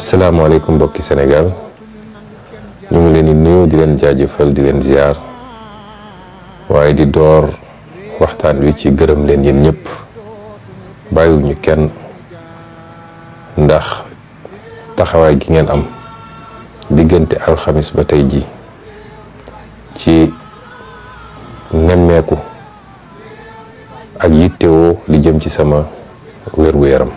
asalaamaaleykum mbokki Sénégal ñu ngi leen di nuyu di leen jaajëfal di leen ziar waaye di door waxtaan wi ci gërëm leen yéen ñëpp bàyyiwuñu kenn ndax taxawaay gi ngeen am diggante alxamis ba tey ji ci nemmeeku ak yittewoo li jëm ci sama wér-gu-yaram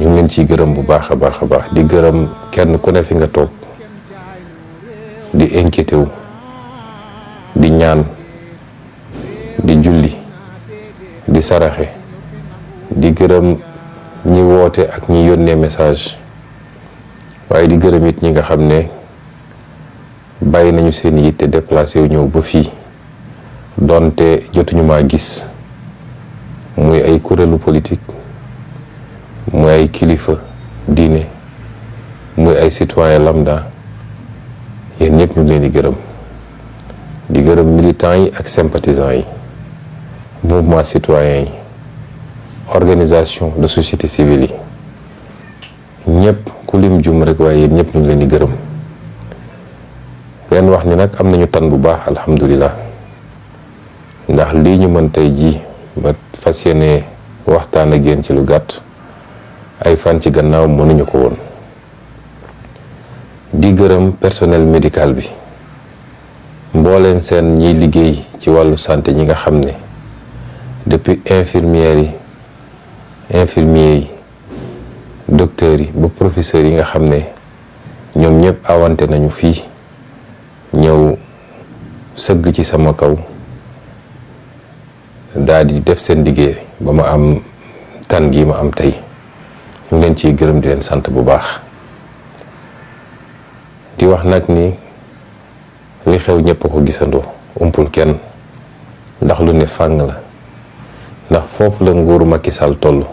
ñu ngi leen ciy gërëm bu baax a baax a baax di gërëm kenn ku ne fi nga toog di inquiété di ñaan di julli di saraxe di gërëm ñi woote ak ñi yónnee message waaye di gërëm it ñi nga xam ne bàyyi nañu seen yitte déplacé wu ñëw ba fii donte jotuñu maa gis muy ay kuréelu politique muy ay kilifa diine muy ay citoyen lambda yéen ñëpp ñu leen di gërëm di gërëm militants yi ak sympathisants yi mouvement citoyen yi organisation de société civile yi ñëpp ku lim jum rek waaye yéen ñëpp ñu ngi leen di gërëm leen wax ni nag am nañu tan bu baax alhamdulilah ndax lii ñu mën tey ji ba fas yéene waxtaan a yéen ci lu gàtt ay fan ci gannaaw mënuñu ko woon di gërëm personnel médical bi mbooleem seen ñiy liggéey ci wàllu santé ñi nga xam ne depuis infirmières yi infirmiers yi docteurs yi ba professeurs yi nga xam ne ñoom ñëpp awante nañu fii ñëw sëgg ci sama kaw daal def seen liggéey ba ma am tan gi ma am tey ñu leen ciy gërëm di leen sant bu baax di wax nag ni li xew ñëpp ko gisandoo umpul kenn ndax lu ne fànn la ndax foofu la nguuru Macky Sall toll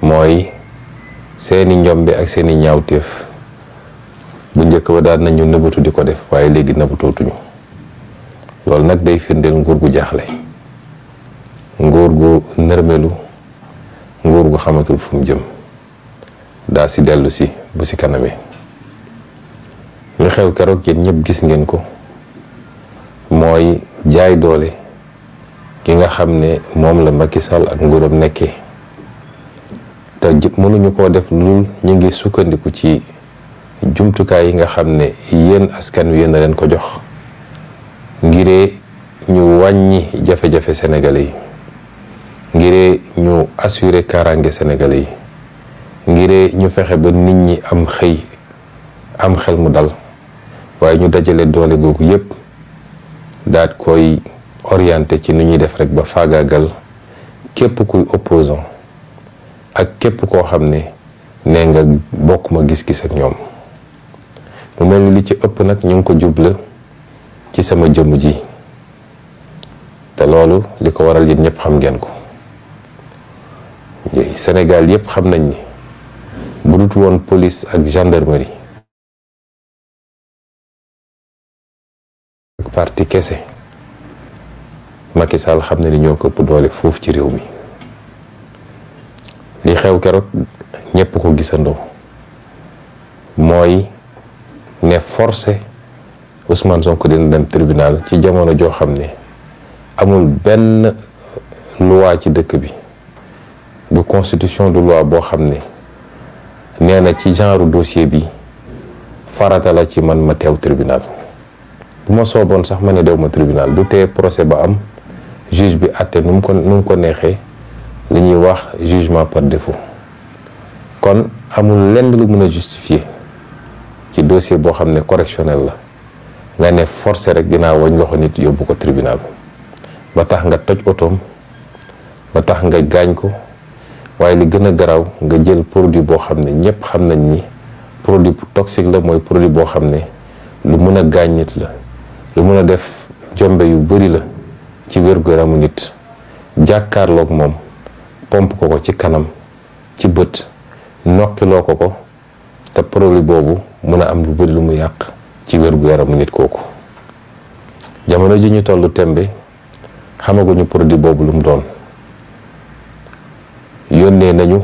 mooy seeni njombi ak seeni ñaawteef bu njëkk ba daan nañu nëbatu di ko def waaye léegi nëbatootuñu loolu nag day firndeel nguur gu jaaxle nguur gu nërmelu nguur gu xamatul fu jëm daa si dellu si bu si kanamee li xew keroog yéen ñëpp gis ngeen ko mooy jaay doole ki nga xam ne moom la Macky Sall ak nguuram nekkee te mënuñu koo def lu ñu ngi sukkandiku ci jumtukaay yi nga xam ne yéen askan wi yéen a leen ko jox ngiree ñu wàññi jafe-jafe sénégalais yi ngiree ñu assure kaarange senegale yi ngir ñu fexe ba nit ñi am xëy am xel mu dal waaye ñu dajale doole googu yépp daat koy orienté ci nu ñuy def rek ba faagaagal képp kuy opposant ak képp koo xam ne ne nga bokk ma gis-gis ak ñoom mu mel ni li ci ëpp nag ñu ngi ko jubla ci sama jëmm ji te loolu li ko waral yéen ñëpp xam ngeen ko Sénégal yëpp xam nañ ni bu woon police ak gendarmerie ak parti kese makisal xam na ni ñoo ko doole foofu ci réew mi li xew keroog ñépp ko gisandoo mooy ne forcé Ousmane Sonko dina dem tribunal ci jamono joo xam ne amul benn loi ci dëkk bi du constitution de loi boo xam ne nee na ci genre dossier bi farata la ci man ma teew tribunal bu ma sooboon sax ma ne dew ma tribinal du tee procès ba am juge bi àtte nu mu ko nu ko neexee li ñuy wax jugement par défaut kon amul lenn lu mën a justifier ci dossier boo xam ne correctionnel la nga ne forcé rek dinaa wañ loxo nit yóbbu ko tribinal ba tax nga toj otoom ba tax nga gaañ ko waaye li gën a garaaw nga jël produit boo xam ne ñëpp xam nañ ni produit toxique la mooy produit boo xam ne lu mën a gaañ nit la lu mën a def jombe yu bari la ci wér-gu-yaramu nit jàkkaarlook moom pompe ko ko ci kanam ci bët noqiloo ko ko te produit boobu mën a am lu bari lu mu yàq ci wér-gu-yaramu nit kooku jamono ji ñu tollu tembe xamaguñu produit boobu lu mu doon yónnee nañu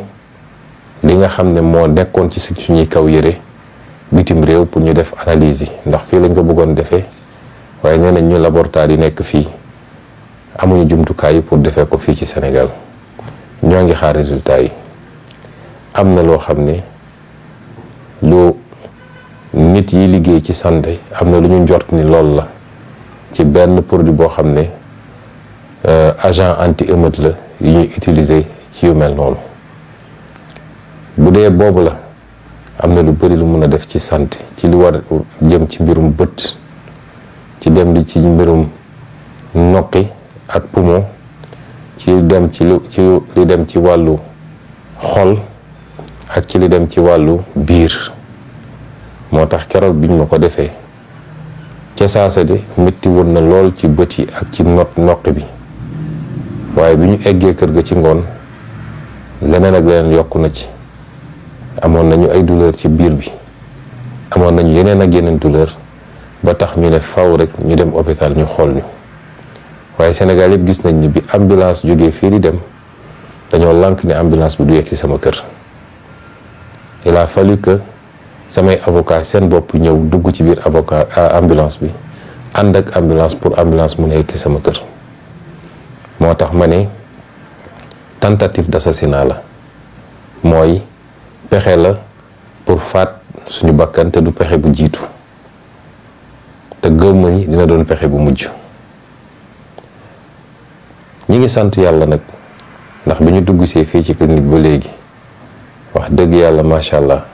li nga xam ne moo nekkoon ci suñuy kaw yëre bitim réew pour ñu def analyse yi ndax fii lañ ko bëggoon defee waaye nee nañ ñu laboratoire yi nekk fii amuñu jumtukaay yi pour defee ko fii ci Sénégal ñoo ngi xaar résultat yi am na loo xam ne lu nit yi liggéey ci santé am na lu ñu njort ni lool la ci benn produit boo xam ne euh, agent anti émeute la yu ñuy utiliser ci yu mel noonu bu dee boobu la am na lu bëri lu mën a def ci sant ci lu war jëm ci mbirum bët ci dem li ci mbirum noqi ak poumon ci dem ci ci li dem ci wàllu xol ak ci li dem ci wàllu biir moo tax keroog biñ ma ko defee ca saasa de métti woon na lool ci bët yi ak ci not noqi bi waaye bi ñu eggee kër ga ci ngoon leneen ak leneen yokku na ci amoon nañu ay douleur ci biir bi amoon nañu yeneen ak yeneen douleur ba tax ñu ne faw rek ñu dem hôpital ñu xool ñu waaye Sénégal yëpp gis nañ ni bi ambulance jógee fii di dem dañoo lànk ni ambulance bi du yegg ci sama kër il a fallu samay avocat seen bopp ñëw dugg ci biir avocat euh, ambulance bi ànd ak ambulance pour ambulance mun a yegg ci sama kër moo tax ma ne tentative d'assassinat la mooy pexe la pour faat suñu bakkan te du pexe bu jiitu te gëmm ni dina doon pexe bu mujj ñi ngi sant yàlla nag ndax bi ñu dugg see fii ci clinique ba léegi wax dëgg yàlla macha allah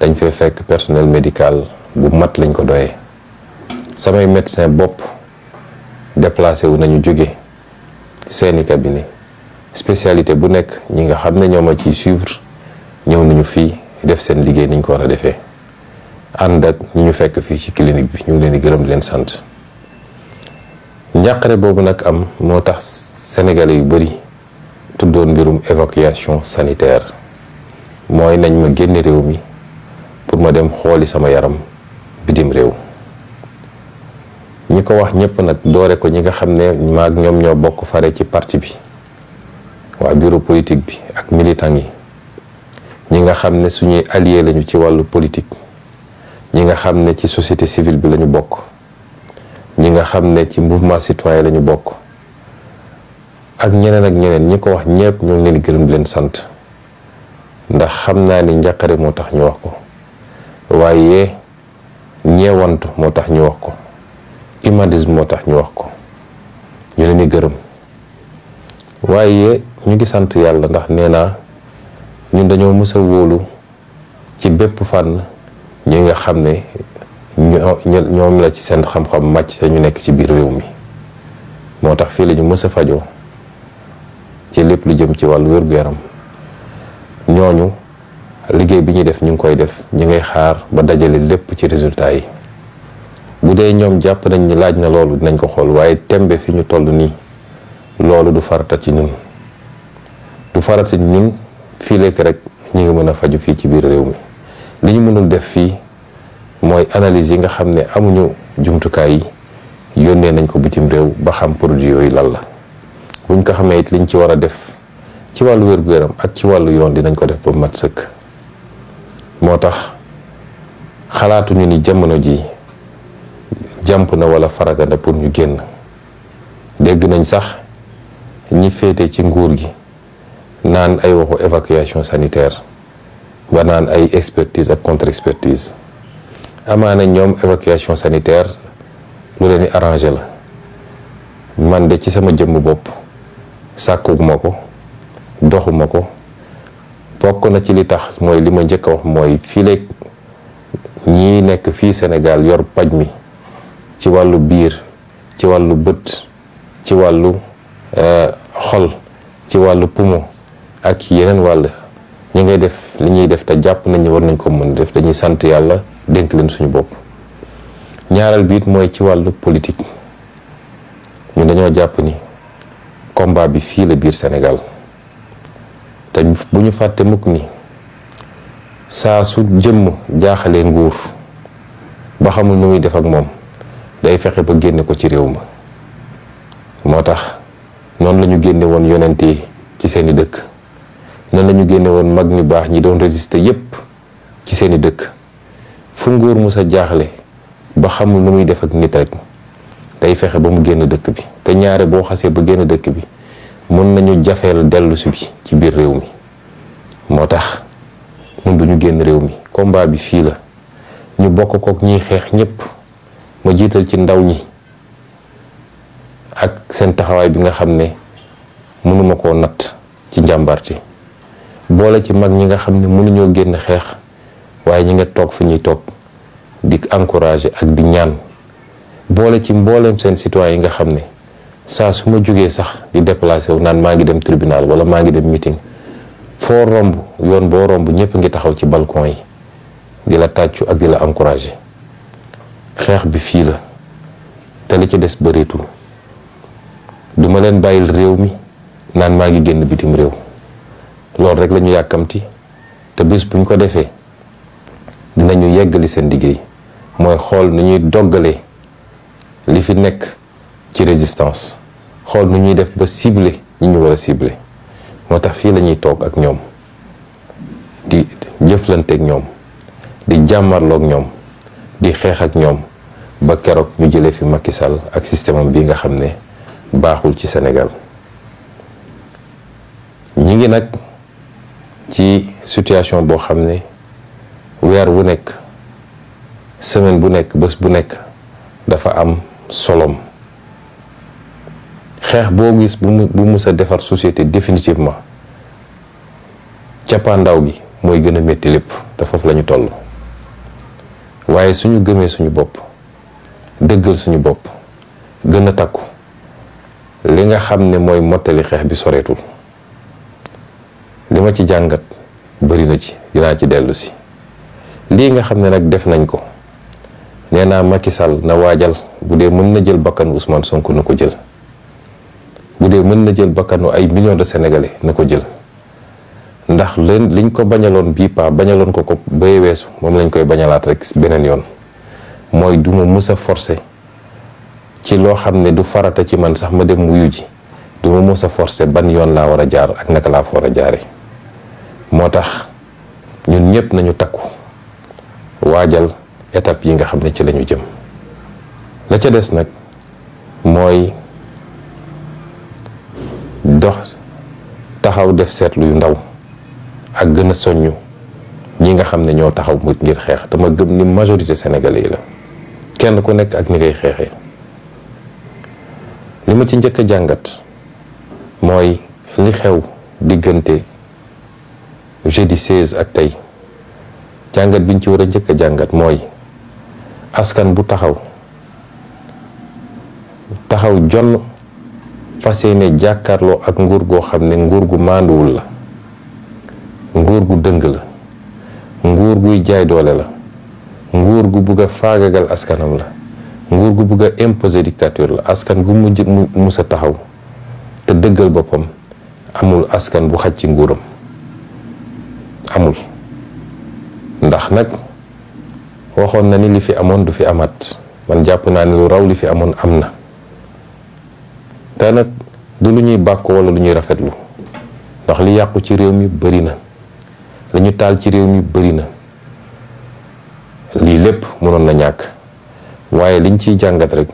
dañ fay fekk personnel médical bu mat lañ ko doyee samay médecin bopp déplacé wu nañu jóge seeni cabinet spécialité bu nekk ñi nga xam ne ñoo ma ciy suivre ñëw nañu fii def seen liggéey niñ ko war a defee ànd ak ñi ñu fekk fii ci clinique bi ñu ngi leen di gërëm di leen sant njàqare boobu nag am moo tax sénégalais yu bëri tuddoon mbirum évacuation sanitaire mooy nañ ma génn réew mi pour ma dem xooli sama yaram bitim réew ñi ko wax ñëpp nag doore ko ñi nga xam ne maag ñoom ñoo bokk fare ci parti bi waa bureau politique bi ak militant yi ñi nga xam ne suñuy allié lañu ci wàllu politique ñi nga xam ne ci société civile bi lañu bokk ñi nga xam ne ci mouvement citoyen lañu bokk ak ñeneen ak ñeneen ñi ko wax ñëpp ñoo ngi leen gërëm leen sant ndax xam naa ni njàqare moo tax ñu wax ko waaye ñeewantu moo tax ñu wax ko humanisme moo tax ñu wax ko ñu leen di gërëm waaye ñu ngi sant yàlla ndax nee naa ñun dañoo mës wóolu ci bépp fànn ñi nga xam ne ñoom la ci seen xam-xam màcc te ñu nekk ci biir réew mi moo tax fii lañu mësa mës fajoo ci lépp lu jëm ci wàll wér-gu-yaram ñooñu liggéey bi ñuy def ñu ngi koy def ñu ngay xaar ba dajale lépp ci résultat yi bu dee ñoom jàpp nañ ni laaj na loolu dinañ ko xool waaye tembe fi ñu toll nii loolu du farata ci ñun du farata ci ñun fii lekk rek ñu ngi mën a faju fii ci biir réew mi li ñu mënul def fii mooy analyse yi nga xam ne amuñu jumtukaay yi yónnee nañ ko bitim réew ba xam produit yooyu lan la buñ ko xamee it liñ ci war a def ci wàllu wér-gu-yaram ak ci wàllu yoon dinañ ko def ba mat sëkk moo tax xalaatuñu ni jamono ji jàmp na wala farata na pour ñu génn dégg nañ sax ñi féete ci nguur gi naan ay waxu évacuation sanitaire ba naan ay expertise ak contre expertise amaana ñoom évacuation sanitaire lu leen di arrangé la man de ci sama jëmm bopp sàkkuma ko doxuma ko bokk na ci li tax mooy li ma njëkk a wax mooy fii léeg ñii nekk fii Sénégal yor paj mi ci wàllu biir ci wàllu bët ci wàllu euh, xol ci wàllu poumon ak yeneen wàll ñu ngay def li ñuy def te jàpp nañ war nañ ko mën def dañuy sant yàlla dénk leen suñu bopp ñaareel biit mooy ci wàllu politik ñu dañoo jàpp ni combat bi fii la biir senegal te bu ñu fàtte mukk ni saa su jëmm jaaxalee nguur ba xamul nu muy def ak moom day fexe ba génne ko ci réew ma moo tax noonu lañu ñu génne woon yonent yi ci seeni dëkk noonu la ñu génne woon mag ñu baax ñi doon résister yépp ci seeni dëkk fu nguur mu sa jaaxle ba xamul nu muy def ak nit rek day fexe ba mu génn dëkk bi te ñaare boo xasee ba génn dëkk bi mën nañu jafeel dellusi bi ci biir réew mi moo tax ñun duñu génn réew mi combat bi fii la ñu bokk kook ñiy xeex ñépp ma jiital ci ndaw ñi ak seen taxawaay bi nga xam ne mënuma koo natt ci njàmbarte boole ci mag ñi nga xam ne mënuñoo génn xeex waaye ñi nga toog fi ñuy toog di encourager ak di ñaan boole ci mbooleem seen citoyen yi nga xam ne saa su ma jógee sax di déplacé wu naan maa ngi dem tribunal wala maa ngi dem meeting foo romb yoon boo romb ñëpp ngi taxaw ci balcon yi di la tàccu ak di la encourager xeex bi fii la te li ci des bëreetul duma ma leen bàyyil réew mi naan maa ngi génn bitim réew loolu rek la ñu yàkkamti te bis buñ ko defee dina ñu yeggali seen liggéey mooy xool nu ñuy doggalee li fi nekk ci résistance xool nu ñuy def ba cibler ñi ñu war a cibler moo tax fii lañuy toog ak ñoom di jëflante ak ñoom di jàmmarloog ñoom di xeex ak ñoom ba keroog ñu jëlee fi Macky Sall ak système am bii nga xam ne. baaxul ci senegal ñi ngi nag ci situation boo xam ne weer wu nekk semaine bu nekk bés bu nekk dafa am solom xeex boo gis bu mu bu mus defar société définitivement cappaandaw gi mooy gën a métti lépp te foofu lañu ñu toll waaye suñu gëmee suñu bopp dëggal suñu bopp gën a takku li nga xam ne mooy mottali xeex bi soreetul li ma ci jàngat bëri na ci dinaa ci dellusi lii nga xam ne nag def nañ ko nee naa Macky Sall na waajal bu dee mën na jël bakkanu Ousmane Sonko na ko jël bu dee mën na jël bakkanu ay millions de sénégalais na ko jël ndax leen liñ ko bañaloon bii paa bañaloon ko ko bay moom lañ koy bañalaat rek beneen yoon mooy duma mës a forcer ci loo xam ne du farata ci man sax ma dem wuyu ji du ma mos a forcé ban yoon laa war a jaar ak naka laa fa war a jaare moo tax ñun ñëpp nañu takku waajal étape yi nga xam ne ci lañu jëm la ca des nag mooy dox taxaw def seetlu yu ndaw ak gën a soññu ñi nga xam ne ñoo taxaw mu ngir xeex dama gëm ni majorité sénégalais yi la kenn ku nekk ak ni kay xeexee li ma ci njëkk a jàngat mooy li xew diggante jeudi 16 ak tey jàngat bi ñu ci war a njëkk a jàngat mooy askan bu taxaw taxaw jonn fas yéene jàkkaarloo ak nguur goo xam ne nguur gu maanduwul la nguur gu dëng la nguur guy jaay doole la nguur gu bugg a faagagal askanam la nguur gu bëgg a imposer dictature la askan gu mujj mu musa taxaw te dëggal boppam amul askan bu xaj ci nguuram amul ndax nag waxoon na ni li fi amoon du fi amaat man jàpp naa ni lu raw li fi amoon am na te nag du lu ñuy bàkk walla lu ñuy rafetlu ndax li yàqu ci réew mi bari na li ñu taal ci réew mi bari na lii lépp mënoon na ñàkk waaye liñ ciy jàngat rek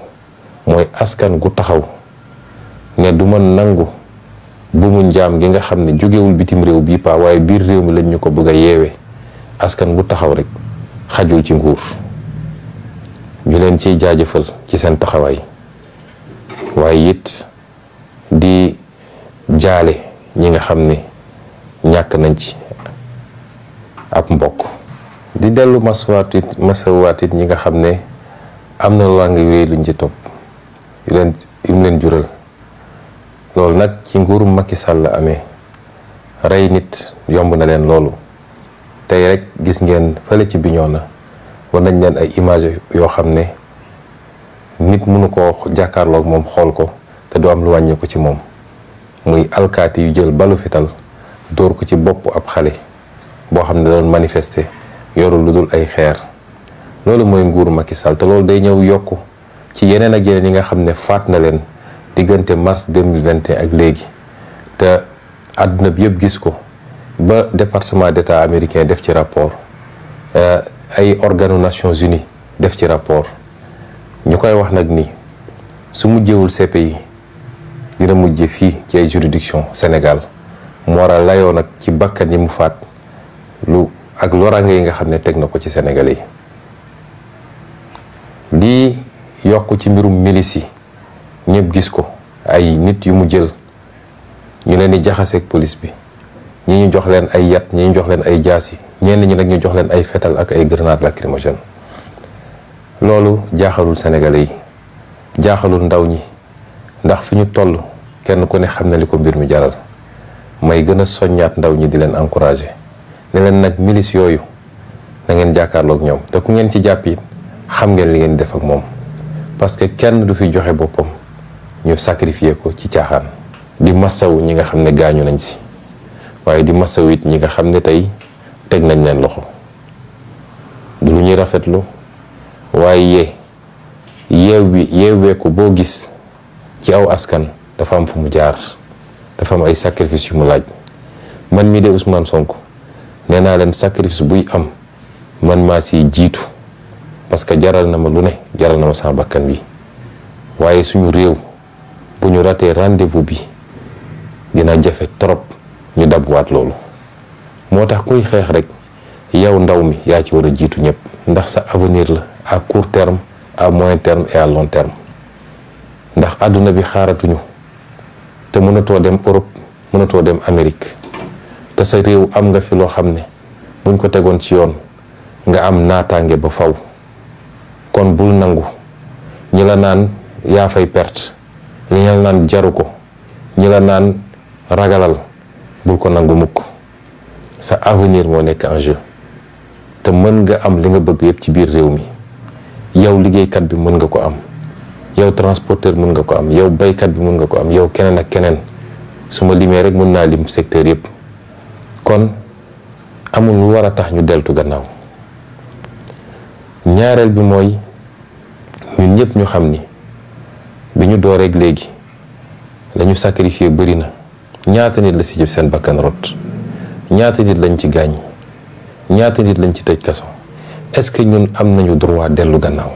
mooy askan gu taxaw ne du ma nangu bu mu njaam gi nga xam ne jógewul bitim réew bii paa waaye biir réew mi lañ ñu ko bëgg a yeewee askan gu taxaw rek xajul ci nguur ñu leen ciy jaajëfal ci seen taxawaay waaye it di jaale ñi nga xam ne ñàkk nañ ci ab mbokk di dellu masawaat it ñi nga xam ne am na langue yu rëy luñ ci topp yu leen yu leen jural loolu nag ci nguuru makki Sall la amee rey nit yomb na leen loolu tey rek gis ngeen fële ci biñoo na war nañ leen ay image yoo xam ne nit mënu ko jàkkaarlook moom xool ko te du am lu wàññi ko ci moom muy alkaati yu jël balu fital dóor ko ci bopp ab xale boo xam ne doon manifester yoru lu dul ay xeer loolu mooy nguuru Macky Sall te loolu day ñëw yokk ci yeneen ak yeneen yi nga xam ne faat na leen diggante mars 2021 ak léegi te àdduna bi yëpp gis ko ba département d'état américain def ci rapport euh, ay organo Nations Unies def ci rapport ñu koy wax nag ni su mujjewul yi dina mujje fii ci ay juridiction Sénégal mu war a layoo nag ci bakkan yi mu faat lu ak loraange yi nga xam ne teg na ko ci Sénégalais yi lii yokk ci mbirum milice yi ñëpp gis ko ay nit yu mu jël ñu leen di jaxaseeg police bi ñi ñu jox leen ay yat ñi ñu jox leen ay jaasi ñenn ñi nag ñu jox leen ay fetal ak ay grenade lacrymogène loolu jaaxalul sénégalais yi jaaxalul ndaw ñi ndax fi ñu toll kenn ku ne xam na li ko mbir mi jaral may gën a soññaat ndaw ñi di leen encourager ne leen nag milice yooyu na ngeen jàkkaarloog ñoom te ku ngeen ci jàpp yi xam ngeen li ngeen def ak moom parce que kenn du fi joxe boppam ñu sacrifier ko ci caaxaan. di masawu ñi nga xam ne gaañu nañ si waaye di masawu it ñi nga xam ne tey teg nañ leen loxo du lu ñuy rafetlu waaye yeew bi yeeweeku boo gis ci aw askan dafa am fu mu jaar dafa am ay sacrifice yu mu laaj man mi de Ousmane Sonko nee naa leen sacrifice buy am man maa si jiitu. parce que jaral na ma lu ne jaral na ma sama bakkan bi waaye suñu réew bu ñu ratee rendez bi dina jafe trop ñu dabwaat loolu moo tax kuy xeex rek yow ndaw mi yaa ci war a jiitu ñëpp ndax sa avenir la a court terme à moyen terme et à long terme ndax àdduna bi xaaratuñu te mënatoo dem Europe mënatoo dem Amérique te sa réew am nga fi loo xam ne buñ ko tegoon si yoon nga am naataange ba faw kon bul nangu ñi la naan yaa fay perte ñi la naan jaru ko ñi la naan ragalal bul ko nangu mukk sa avenir moo nekk en te mën nga am li nga bëgg yëpp ci biir réew mi yow liggéeykat bi mën nga ko am yow transporteur mën nga ko am yow baykat bi mën nga ko am yow keneen ak keneen suma ma limee rek mën naa lim secteur yëpp kon amul lu war a tax ñu deltu gannaaw ñaareel bi mooy ñun ñëpp ñu xam ni bi ñu door rek léegi lañu sacrifié bëri na ñaata nit la si jëf seen bakkan rot ñaata nit lañ ci gaañ ñaata nit lañ ci tëj kaso est-ce que ñun am nañu droit dellu gannaaw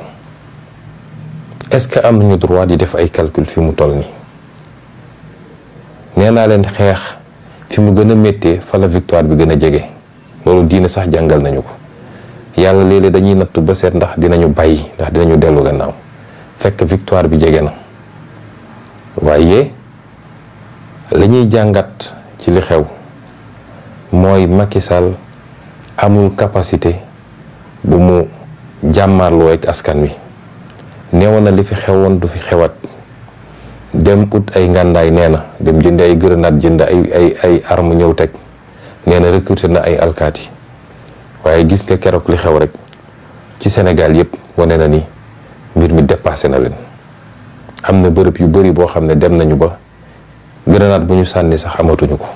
est-ce que am nañu droit di def ay calcul fi mu toll ni nee naa leen xeex fi mu gën a méttee fa victoire bi gën a jege loolu diine sax jàngal nañu ko. yàlla léeg dañuy natt ba seet ndax dinañu bay ndax dinañu dellu gannaaw fekk victoire bi jege na waaye lañuy jàngat ci li xew mooy Macky Sall amul capacité bu mu jàmmarloo ak askan wi neewoon na li fi xewoon du fi xewaat dem ut ay ngàndaay nee na dem jënd ay grenade jënd ay ay ay arme ñëw teg nee na na ay alkaati waaye gis nga keroog li xew rek ci Sénégal yëpp wane na ni mbir mi dépassé na leen am na bërëb yu bari boo xam ne dem nañu ba grenade bu ñu sànni sax amatuñu ko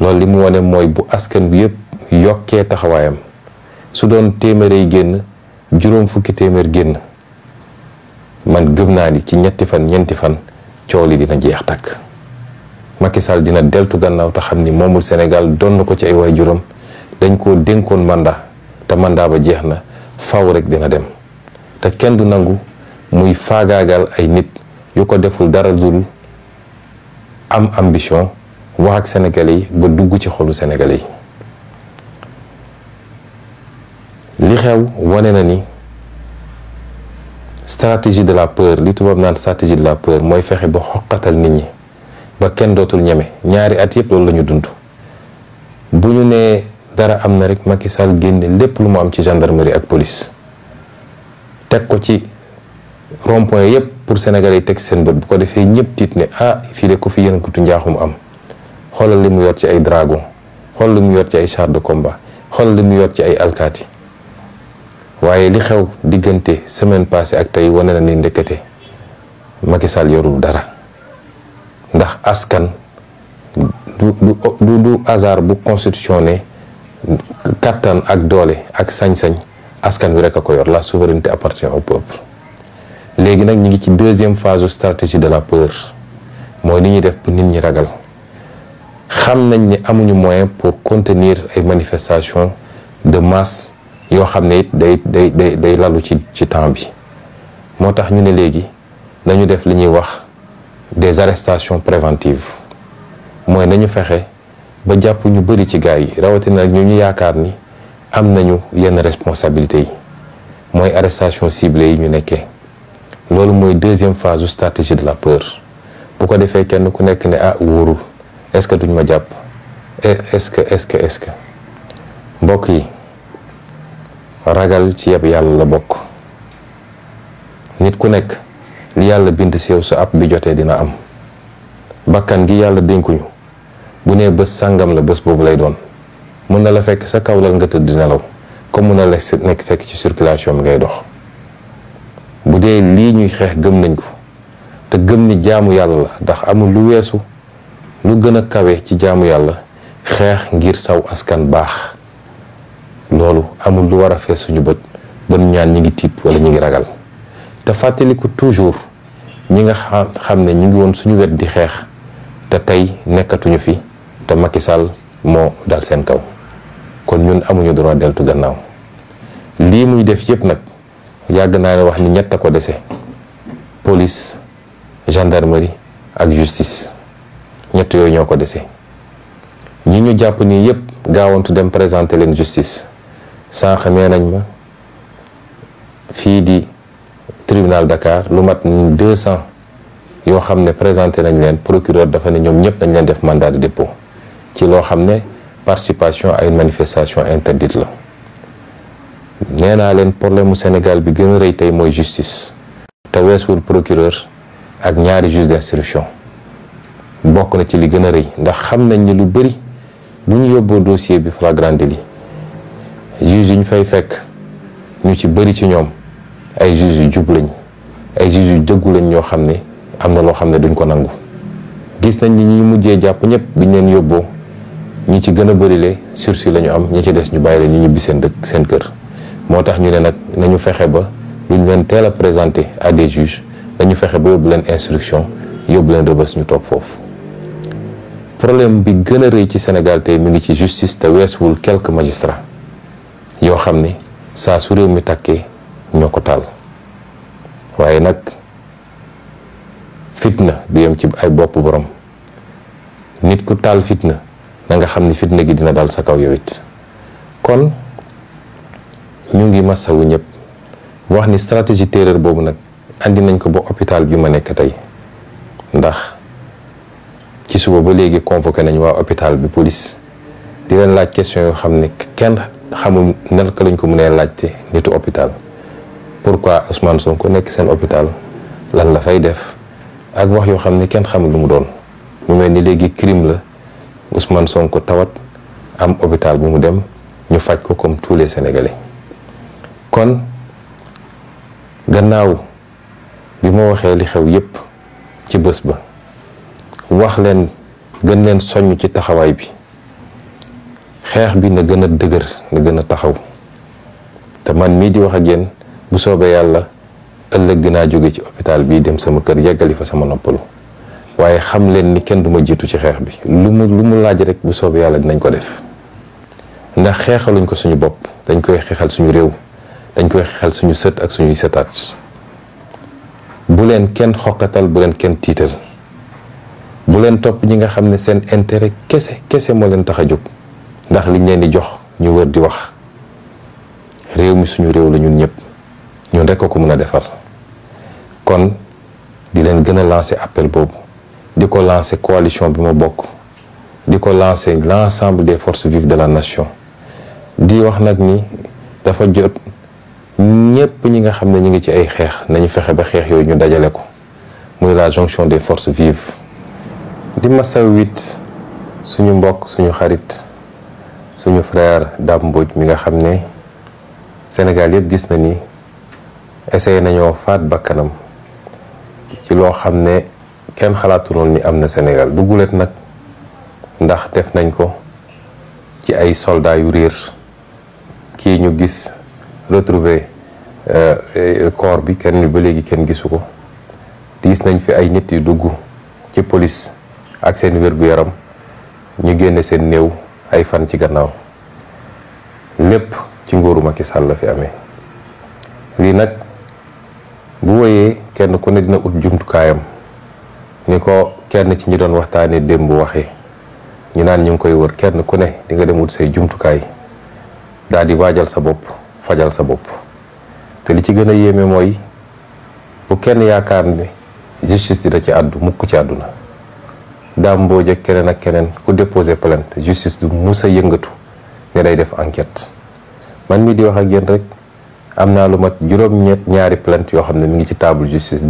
loolu li mu wane mooy bu askan bi yëpp yokkee taxawaayam su doon téeméer yi génn juróom fukki téeméer génn man gëm naa ni ci ñetti fan ñeenti fan coow li dina jeex takk Macky Sall dina deltu gannaaw te xam ni moomul Sénégal doon na ko ci ay juróom dañ ko dénkoon mandat te mandat ba jeex na faw rek dina dem te kenn du nangu muy faagaagal ay nit yu ko deful dara dul am ambition wax ak sénégalais yi ba dugg ci xolu sénégalais yi li xew wane na ni stratégie de la peur li tubaab naan stratégie de la peur mooy fexe ba xoqatal nit ñi ba kenn dootul ñeme ñaari at yëpp loolu la dund bu ñu nee dara am na rek Macky Sall génne lépp lu mu am ci gendarmerie ak police teg ko ci rond point yëpp pour Sénégal yi teg seen bët bu ko defee ñëpp tiit ne ah fii de ko fi yéen kutu njaaxum am xoolal li mu yor ci ay dragon xool li mu yor ci ay char de combat xool li mu yor ci ay alkaati waaye li xew diggante semaine passée ak tey wane na ni ndekkete Macky Sall yorul dara ndax askan du du du hasard bu constitution ne kàttan ak doole ak sañ-sañ askan wi rek a ko yor la souveraineté appartient au peuple léegi nag ñu ngi ci deuxième phase stratégie de la peur mooy li ñuy def pour nit ñi ragal xam nañ ni amuñu moyen pour contenir ay manifestations de masse yoo xam ne it day day day day lalu ci ci temps bi moo tax ñu ne léegi nañu def li ñuy wax des arrestations préventives mooy nañu fexe. ba jàpp ñu bëri ci gars yi rawatina nag ñu ñu yaakaar ni am nañu yenn responsabilité yi mooy arrestation ciblée yi ñu nekkee loolu mooy deuxième phase stratégie de la peur bu ko defee kenn ku nekk ni ah wóorul est-ce que duñ ma jàpp est-ce que est-ce que est mbokk yi ragal ci yeb yàlla la bokk nit ku nekk li yàlla bind sew sa app bi jotee dina am bakkan gi yàlla dénkuñu bu nee bés sàngam la bés boobu lay doon mën na la fekk sa kaw lal nga tëdd nelaw comme mën na la nekk fekk ci circulation bi ngay dox bu dee lii ñuy xeex gëm nañ ko te gëm ni jaamu yàlla la ndax amul lu weesu lu gën a kawe ci jaamu yàlla xeex ngir saw askan baax loolu amul lu war a fees suñu bët ba ñu ñaan ñi ngi tiit wala ñi ngi ragal te fàttaliku toujours ñi nga xam ne ñu ngi woon suñu wet di xeex te tey nekkatuñu fi te Macky Sall moo dal seen kaw kon ñun amuñu droit deltu gannaaw lii muy def yëpp nag yàgg naa ne wax ni ñett a ko dese police gendarmerie ak justice ñett yooyu ñoo ko dese ñi ñu jàpp nii yëpp gaawantu dem présenter leen justice sànq nee nañ ma fii di tribunal Dakar lu mat deux cent yoo xam ne présenté nañ leen procureur dafa ne ñoom ñëpp dañ leen def mandat di dépôt ci loo xam ne participation ay une manifestation interdite la nee naa leen problème mu Sénégal bi gën a rëy tey mooy justice te weesuwul procureur ak ñaari juge d'instruction bokk na ci li gën a rëy ndax xam nañ ni lu bëri bu ñu yóbboo dossier bi flagrant délit juge yu ñu fay fekk ñu ci bëri ci ñoom ay juge yu jub lañ ay juge yu dëggu lañ ñoo xam ne am na loo xam ne duñ ko nangu gis nañ ni ñuy mujjee jàpp ñëpp biñ leen yóbboo ñu ci gën a bërile sursis la ñu am ñi ci des ñu bàyyi la ñu ñibbi seen dëkk seen kër moo tax ñu ne nag nañu fexe ba luñ leen teel a présenté à des juges nañu fexe ba yóbbu leen instruction yóbbu leen rëbës ñu toog foofu problème bi gën a rëy ci Sénégal tey mi ngi ci justice te weesuwul quelque magistrats yoo xam ne saa su réew mi takkee ñoo ko taal waaye nag fitna du yem ci ay bopp borom nit ku taal fitna na nga xam ni fitna gi dina daal sa kaw yow it kon ñu ngi masawu ñëpp wax ni stratégie terreur boobu nag indi nañ ko ba hôpital bi ma nekk tey ndax ci suba ba léegi convoqué nañu waa hôpital bi police di leen laaj question yoo xam ne kenn xamul naka lañ ko mënee laajte nitu hôpital pourquoi Ousmane ko nekk seen hôpital lan la fay def ak wax yoo xam ne kenn xamul lu mu doon mu mel ni léegi crime la. Ousmane Sonko tawat am hôpital bi mu dem ñu faj ko comme tuule senegale kon gannaaw bi ma waxee li xew yépp ci bés ba wax leen gën leen soññ ci taxawaay bi xeex bi na gën a dëgër na gën a taxaw te man mii di wax ak yéen bu soobee yàlla ëllëg naa jóge ci hôpital bii dem sama kër yeggali fa sama noppalu waaye xam leen ni kenn du ma jiitu ci xeex bi lu mu lu mu laaj rek bu soobee yàlla dinañ ko def ndax xeexaluñ ko suñu bopp dañ koy xeexal suñu réew dañ koy xeexal suñu sët ak suñuy sëtaat bu leen kenn xoqatal bu leen kenn tiital bu leen topp ñi nga xam ne seen intérêt kese kese moo leen tax a jóg ndax liñ leen di jox ñu wër di wax réew mi suñu réew la ñun ñëpp ñun rek ko ko mën a defar kon di leen gën a lancer appel boobu. di ko lancé coalition bi ma bokk di ko lancé l'ensemble des forces vives de la nation di wax nag ni dafa jot ñépp ñi nga xam ne ñu ngi ci ay xeex nañu fexe ba xeex yooyu ñu dajale ko muy la jonction des forces vives di masaw it suñu mbokk suñu xarit suñu frère Dame Mbodj mi nga xam ne Sénégal yëpp gis na ni essayé nañoo faat bakkanam ci loo xam ne kenn xalaatuloon ni am na senegal du gulet nag ndax def nañ ko ci ay soldats yu réer kii ñu gis retrouver euh, euh, corps bi kenn ba léegi kenn gisu ko gis nañ fi ay nit yu dugg ci polis ak seen wér-gu-yaram ñu génne seen néew ay fan ci gannaaw lépp ci nguuru Macky Sall la fi amee lii nag bu wéyee kenn ku ne dina ut jumtukaayam ni ko kenn ci ñi doon waxtaanee démb waxee ñu naan ñu ngi koy wër kenn ku ne di nga dem wut say jumtukaay daal di waajal sa bopp fajal sa bopp te li ci gën a yéeme mooy bu kenn yaakaar ne justice dina ci àddu mukk ci àdduna daam mbooj ak keneen ak keneen ku déposé plainte justice du mus a yëngatu ne day def enquete man mii di wax ak yéen rek am naa lu mat juróom-ñett ñaari plainte yoo xam ne mi ngi ci table justice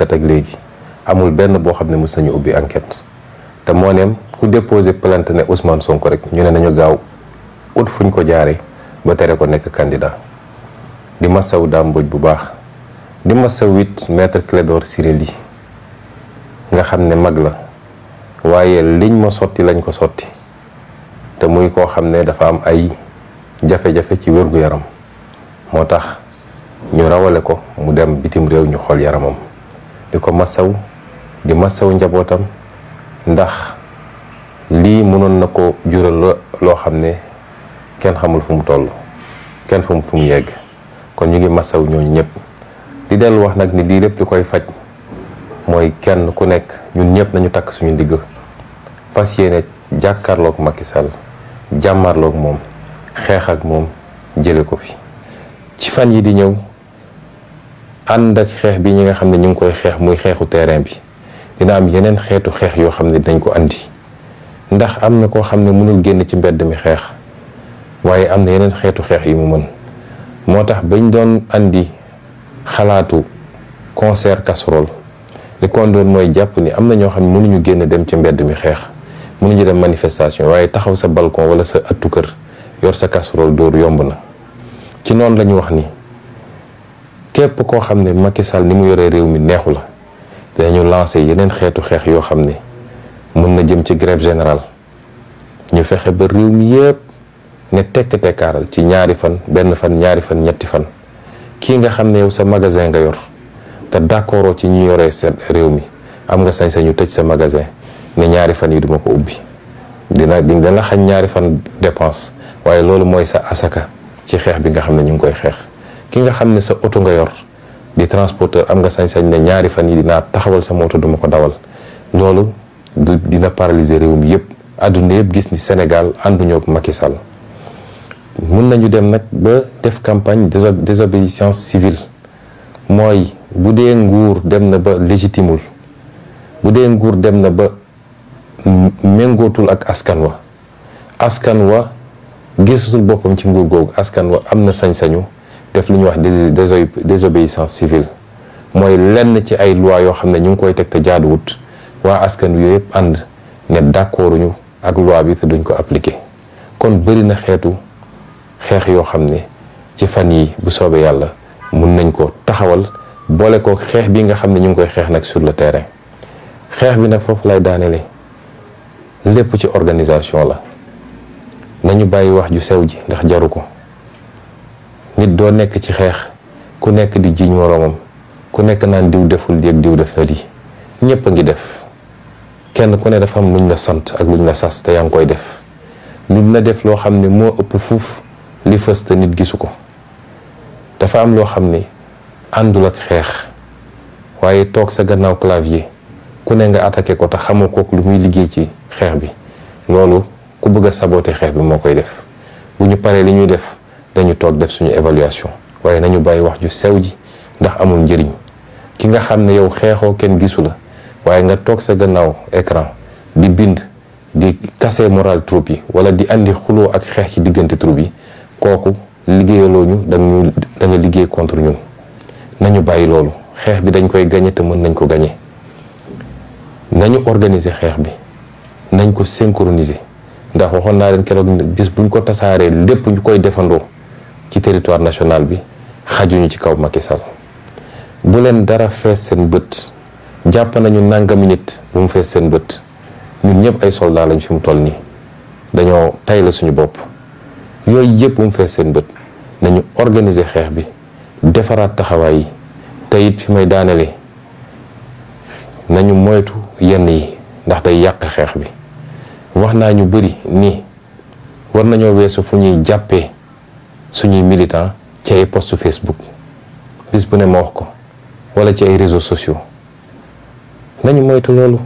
ak léegi. amul benn boo xam ne mos sañu ubbi enquête te moo neem ku déposé plainte ne Ousmane Sonko rek ñu ne nañu gaaw ut fuñ ko jaare ba tere ko nekk candidat di masaw Dame Mbodj bu baax di masaw it maître Clédor Ciré Ly nga xam ne mag la waaye liñ ma sotti lañ ko sotti te muy koo xam ne dafa am ay jafe-jafe ci wér-gu-yaram moo tax ñu rawale ko mu dem bitim réew ñu xool yaramam di ko ma sew di masawu njabootam ndax lii mënoon na ko jural loo xam ne kenn xamul fu mu toll kenn fum mu yegg kon ñu ngi masawu ñooñu ñëpp di dellu wax nag ni lii lépp li koy faj mooy kenn ku nekk ñun ñëpp nañu takk suñu ndigg fas yéene jàkkaarloog Macky Sall jàmmarloog moom xeex ak moom jële ko fi ci fan yi di ñëw ànd ak xeex bi ñu nga xam ne ñu ngi koy xeex muy xeexu terrain bi dina am yeneen xeetu xeex yoo xam ne dañ ko andi ndax am na koo xam ne mënul génn ci mbedd mi xeex waaye am na yeneen xeetu xeex yi mu mën moo tax bañ doon andi xalaatu concert casserole li kon doon mooy jàpp ni am na ñoo xam ne mënuñu génn dem ci mbedd mi xeex mënuñu dem manifestation waaye taxaw sa balcon wala sa ëttu kër yor sa casserole dóor yomb na ci noonu la wax ni képp koo xam ne Macky Sall ni mu yoree réew mi neexu la dañu lancé yeneen xeetu xeex yoo xam ne mën na jëm ci grève général ñu fexe ba réew mi yépp ne tekk tekkaaral ci ñaari fan benn fan ñaari fan ñetti fan kii nga xam ne yow sa magasin nga yor te d'accord ci ñu yoree seen réew mi am nga sañ sa ñu tëj sa magasin ne ñaari fan yi duma ko ubbi dina dina xañ ñaari fan dépense waaye loolu mooy sa asaka ci xeex bi nga xam ne ñu ngi koy xeex ki nga xam ne sa oto nga yor di transporteur am nga sañ-sañ ne ñaari fan yi dinaa taxawal sa moto duma ko dawal loolu dina paralyser réew mi yëpp àdduna gis ni senegal ànduñoo ak Macky Sall mun nañu dem nag ba def campagne désobéissance civile mooy bu dee nguur dem na ba légitimul bu dee nguur dem na ba méngootul ak askan wa askan wa gisatul boppam ci nguur googu askan wa am na sañ-sañu def lu ñuy wax désobéissance civile mooy lenn ci ay loi yoo xam ne ñu ngi koy teg te jaaduwut waa askan wi yëpp ànd ne d'accord ñu ak loi bi te duñ ko appliquer kon bëri na xeetu xeex yoo xam ne ci fan yi bu soobee yàlla mun nañ ko taxawal boole ko xeex bi nga xam ne ñu ngi koy xeex nag sur le terrain xeex bi nag foofu lay daanele lépp ci organisation la nañu bàyyi wax ju sew ji ndax jaru ko nit doo nekk ci xeex ku nekk di jiñ moroomam ku nekk naan diw deful di ak diw def na lii ñëpp a ngi def kenn ku ne dafa am luñ la sant ak luñ la sas te yaa ngi koy def nit na def loo xam ne moo ëpp fuuf li fës te nit gisu ko dafa am loo xam ni àndul ak xeex waaye toog sa gannaaw clavier ku ne nga attaqué ko te xamoo kook lu muy liggéey ci xeex bi loolu ku bëgg a saboter xeex bi moo koy def bu ñu paree li ñuy def dañu toog def suñu évaluation waaye nañu bàyyi wax ju sew ji ndax amul njëriñ ki nga xam ne yow xeexoo kenn gisu la waaye nga toog sa gannaaw écran di bind di kase moral troupe yi wala di indi xuloo ak xeex ci diggante troupe yi kooku liggéeyaloo ñu dañu da nga liggéey contre ñun nañu bàyyi loolu xeex bi dañ koy gañe te mën nañ ko gañe nañu organiser xeex bi nañ ko synchroniser ndax waxoon naa leen keroog bis buñ ko tasaaree lépp ñu koy defandoo ci territoire national bi xajuñu ci kaw Macky Sall bu leen dara fees seen bët jàpp nañu nàngami nit bu mu fees seen bët ñun ñëpp ay soldat lañ fi mu toll nii dañoo tay la suñu bopp yooyu yëpp bu mu fees seen bët nañu organiser xeex bi defaraat taxawaay yi te it fi may daanele nañu moytu yenn yi ndax day yàq xeex bi wax naa ñu bëri ni war nañoo weesu fu ñuy jàppee suñuy militant ci ay post Facebook bis bu ne ma wax ko wala ci ay réseaux sociaux nañu moytu loolu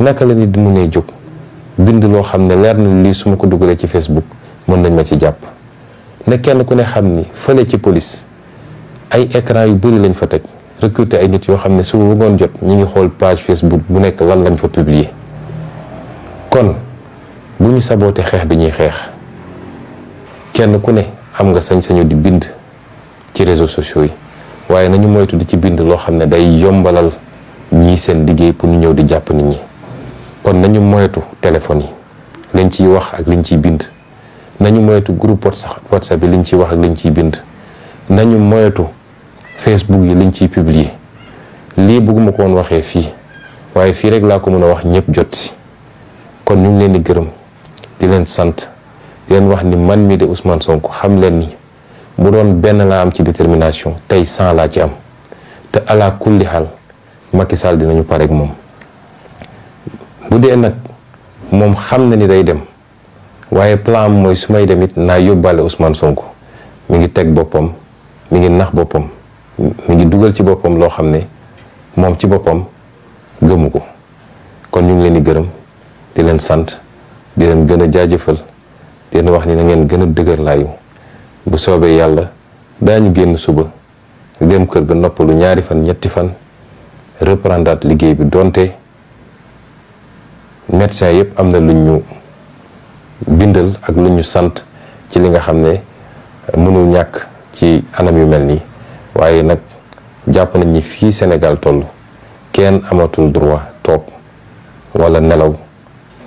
naka la nit mu ne jóg bind loo xam ne leer na lii su ma ko dugalee ci Facebook mën nañ ma ci jàpp ne kenn ku ne xam ni fële ci police ay ecran yu bëri lañ fa teg recruter ay nit yoo xam ne su bu ngoon jot ñu ngi xool page Facebook bu nekk lan lañ fa publier kon bu ñu sabootee xeex bi ñuy xeex. kenn ku ne am nga sañ-sañu di bind ci réseau sociaux yi waaye nañu moytu di ci bind loo xam ne day yombalal ñii seen liggéey pour ñu ñëw di jàpp nit ñi kon nañu moyetu téléphone yi liñ ciy wax ak liñ ciy bind nañu moytu groupe whatsapp yi liñ ciy wax ak ciy bind nañu moytu facebook yi liñ ciy publier lii bëgguma ko waxee fii waaye fii rek laa ko mën a wax ñëpp jot si kon ñu ngi leen di gërëm di leen sant leen wax ni man mii de Ousmane Sonko xam leen ni bu doon benn laa am ci détermination tey cent laa ci am te ala kulli xaal Macky Sall dinañu pareeg moom bu dee nag moom xam na ni day dem waaye plan mooy su may dem it naa yóbbaale Ousmane Sonko mi ngi teg boppam mi ngi nax boppam mu ngi dugal ci boppam loo xam ne moom ci boppam gëmu ko kon ñu ngi leen di gërëm di leen sant di leen gën a jaajëfal leen wax ni na ngeen gën a dëgër laayu bu soobee yàlla daañu génn suba dem kër ga noppalu ñaari fan ñetti fan reprendaat liggéey bi donte médecin yëpp am na lu ñu bindal ak lu ñu sant ci li nga xam ne mënul ñàkk ci anam yu mel nii waaye nag jàpp nañ ni fii Sénégal toll kenn amatul droit toog wala nelaw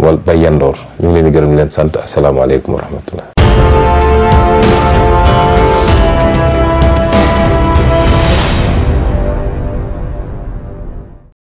wal ba yandoor ñu ngi leen di gërëm leen sant asalaamaaleykum wa rahmatullah